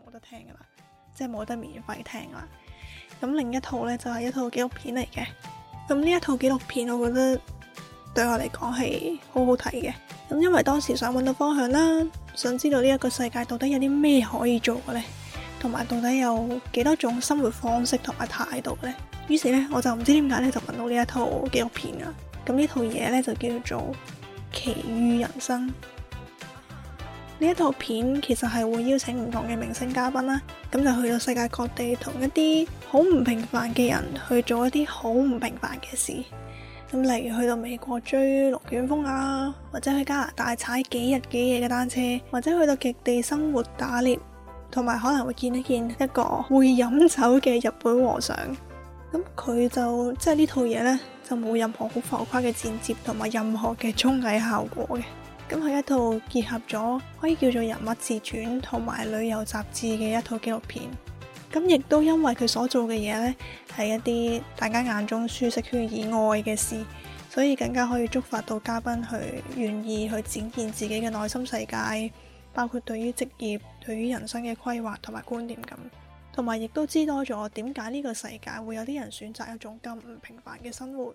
冇得聽噶啦，即係冇得免費聽啦。咁另一套呢，就係一套紀錄片嚟嘅。咁呢一套紀錄片，我覺得對我嚟講係好好睇嘅。咁因為當時想揾到方向啦，想知道呢一個世界到底有啲咩可以做嘅呢，同埋到底有幾多種生活方式同埋態度呢。於是呢，我就唔知點解呢，就揾到呢一套紀錄片啦。咁呢套嘢呢，就叫做《奇遇人生》。呢一套片其實係會邀請唔同嘅明星嘉賓啦，咁就去到世界各地，同一啲好唔平凡嘅人去做一啲好唔平凡嘅事。咁例如去到美國追龍捲風啊，或者去加拿大踩幾日幾夜嘅單車，或者去到極地生活打獵，同埋可能會見一見一個會飲酒嘅日本和尚。咁佢就即係呢套嘢呢，就冇任何好浮誇嘅剪接同埋任何嘅綜藝效果嘅。咁係一套結合咗可以叫做人物自傳同埋旅遊雜誌嘅一套紀錄片，咁亦都因為佢所做嘅嘢呢，係一啲大家眼中舒適圈以外嘅事，所以更加可以觸發到嘉賓去願意去展現自己嘅內心世界，包括對於職業、對於人生嘅規劃同埋觀念咁，同埋亦都知多咗點解呢個世界會有啲人選擇一種咁唔平凡嘅生活。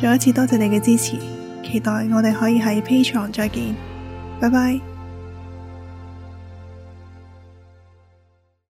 再一次多謝你嘅支持，期待我哋可以喺 Patreon 再見，拜拜。